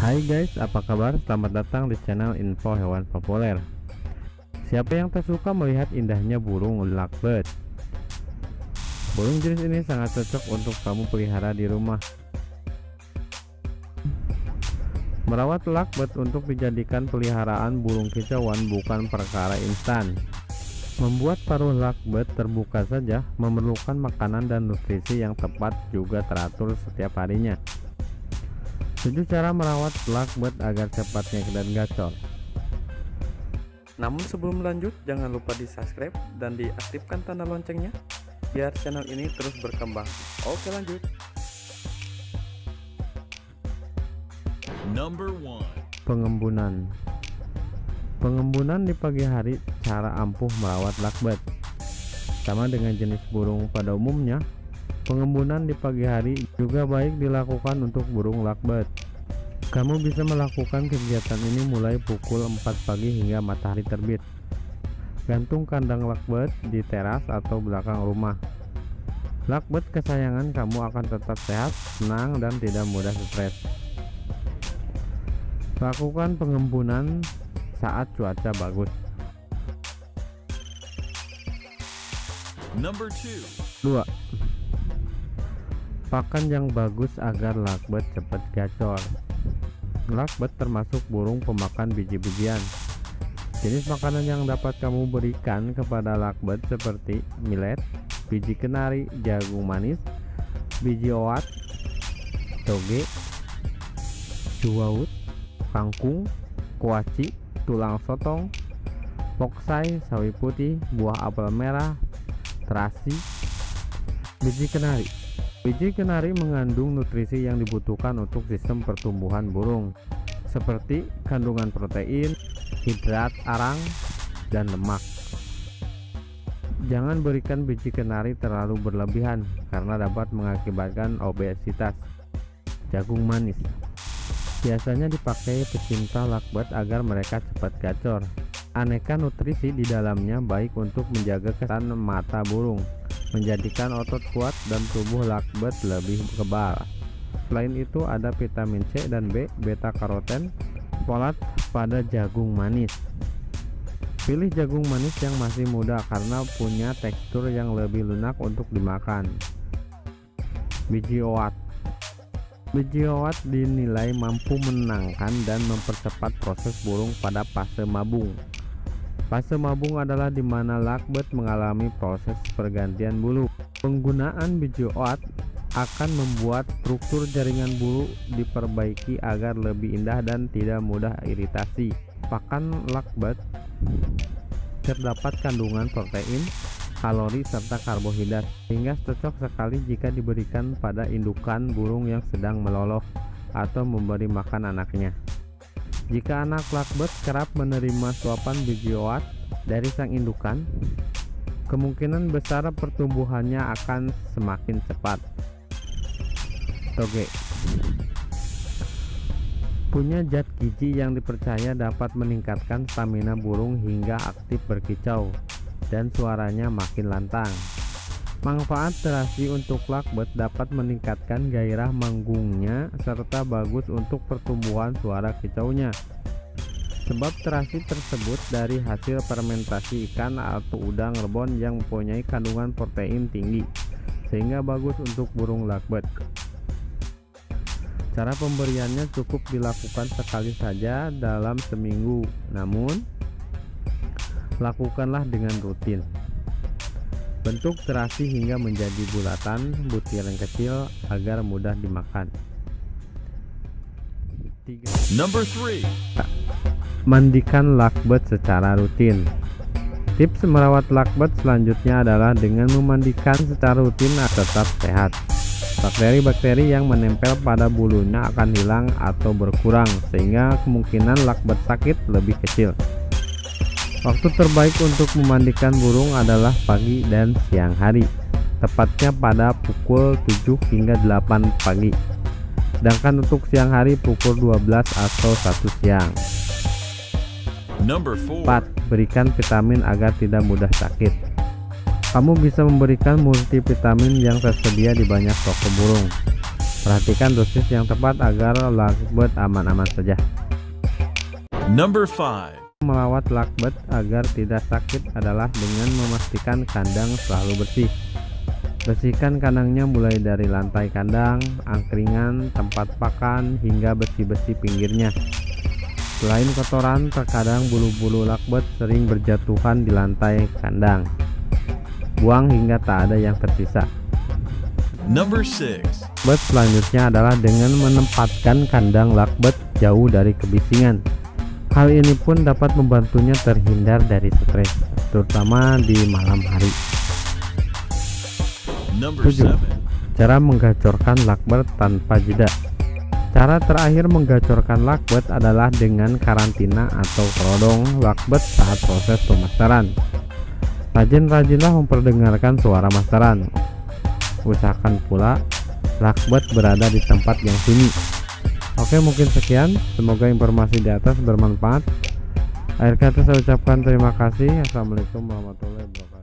Hai guys, apa kabar? Selamat datang di channel Info Hewan Populer. Siapa yang tak suka melihat indahnya burung lovebird? Burung jenis ini sangat cocok untuk kamu pelihara di rumah. Merawat lovebird untuk dijadikan peliharaan burung kicauan bukan perkara instan. Membuat paruh lovebird terbuka saja memerlukan makanan dan nutrisi yang tepat juga teratur setiap harinya. 7 cara merawat plug agar cepatnya dan gacor. Namun sebelum lanjut, jangan lupa di subscribe dan diaktifkan tanda loncengnya biar channel ini terus berkembang. Oke lanjut. Number one. Pengembunan Pengembunan di pagi hari cara ampuh merawat lakbet. Sama dengan jenis burung pada umumnya, Pengembunan di pagi hari juga baik dilakukan untuk burung lakbet. Kamu bisa melakukan kegiatan ini mulai pukul 4 pagi hingga matahari terbit. Gantung kandang lakbet di teras atau belakang rumah. Lakbet kesayangan kamu akan tetap sehat, senang, dan tidak mudah stres. Lakukan pengembunan saat cuaca bagus. Number 2. Pakan yang bagus agar lakbet cepat gacor. Lakbet termasuk burung pemakan biji-bijian. Jenis makanan yang dapat kamu berikan kepada lakbet seperti millet, biji kenari, jagung manis, biji oat, toge, juwaut, kangkung, kuaci, tulang sotong, poksai, sawi putih, buah apel merah, terasi, biji kenari. Biji kenari mengandung nutrisi yang dibutuhkan untuk sistem pertumbuhan burung, seperti kandungan protein, hidrat arang, dan lemak. Jangan berikan biji kenari terlalu berlebihan karena dapat mengakibatkan obesitas. Jagung manis biasanya dipakai pecinta lakbat agar mereka cepat gacor. Aneka nutrisi di dalamnya baik untuk menjaga kesan mata burung, menjadikan otot kuat dan tubuh lakbet lebih kebal. Selain itu ada vitamin C dan B, beta karoten, folat pada jagung manis. Pilih jagung manis yang masih muda karena punya tekstur yang lebih lunak untuk dimakan. Biji oat Biji oat dinilai mampu menenangkan dan mempercepat proses burung pada fase mabung. Fase mabung adalah di mana lakbet mengalami proses pergantian bulu. Penggunaan biji oat akan membuat struktur jaringan bulu diperbaiki agar lebih indah dan tidak mudah iritasi. Pakan lakbet terdapat kandungan protein, kalori serta karbohidrat sehingga cocok sekali jika diberikan pada indukan burung yang sedang meloloh atau memberi makan anaknya. Jika anak lovebird kerap menerima suapan biji oat dari sang indukan, kemungkinan besar pertumbuhannya akan semakin cepat. Toge punya zat gizi yang dipercaya dapat meningkatkan stamina burung hingga aktif berkicau dan suaranya makin lantang. Manfaat terasi untuk lakbet dapat meningkatkan gairah manggungnya serta bagus untuk pertumbuhan suara kicaunya. Sebab terasi tersebut dari hasil fermentasi ikan atau udang rebon yang mempunyai kandungan protein tinggi, sehingga bagus untuk burung lakbet. Cara pemberiannya cukup dilakukan sekali saja dalam seminggu, namun lakukanlah dengan rutin. Bentuk terasi hingga menjadi bulatan, butiran kecil agar mudah dimakan. Number three. Mandikan lakbet secara rutin. Tips merawat lakbet selanjutnya adalah dengan memandikan secara rutin agar tetap sehat. Bakteri-bakteri yang menempel pada bulunya akan hilang atau berkurang sehingga kemungkinan lakbet sakit lebih kecil. Waktu terbaik untuk memandikan burung adalah pagi dan siang hari, tepatnya pada pukul 7 hingga 8 pagi. Sedangkan untuk siang hari pukul 12 atau 1 siang. 4. Berikan vitamin agar tidak mudah sakit. Kamu bisa memberikan multivitamin yang tersedia di banyak toko burung. Perhatikan dosis yang tepat agar buat aman-aman saja. Number 5 Melawat lakbet agar tidak sakit adalah dengan memastikan kandang selalu bersih. Bersihkan kandangnya mulai dari lantai kandang, angkringan, tempat pakan, hingga besi-besi pinggirnya. Selain kotoran, terkadang bulu-bulu lakbet sering berjatuhan di lantai kandang. Buang hingga tak ada yang tersisa. Number six. Lakbet selanjutnya adalah dengan menempatkan kandang lakbet jauh dari kebisingan. Hal ini pun dapat membantunya terhindar dari stres, terutama di malam hari. 7. Cara menggacorkan lakbert tanpa jeda Cara terakhir menggacorkan lakbert adalah dengan karantina atau kerodong lakbert saat proses pemasaran. Rajin-rajinlah memperdengarkan suara masteran. Usahakan pula lakbert berada di tempat yang sunyi Oke mungkin sekian Semoga informasi di atas bermanfaat Akhir kata saya ucapkan terima kasih Assalamualaikum warahmatullahi wabarakatuh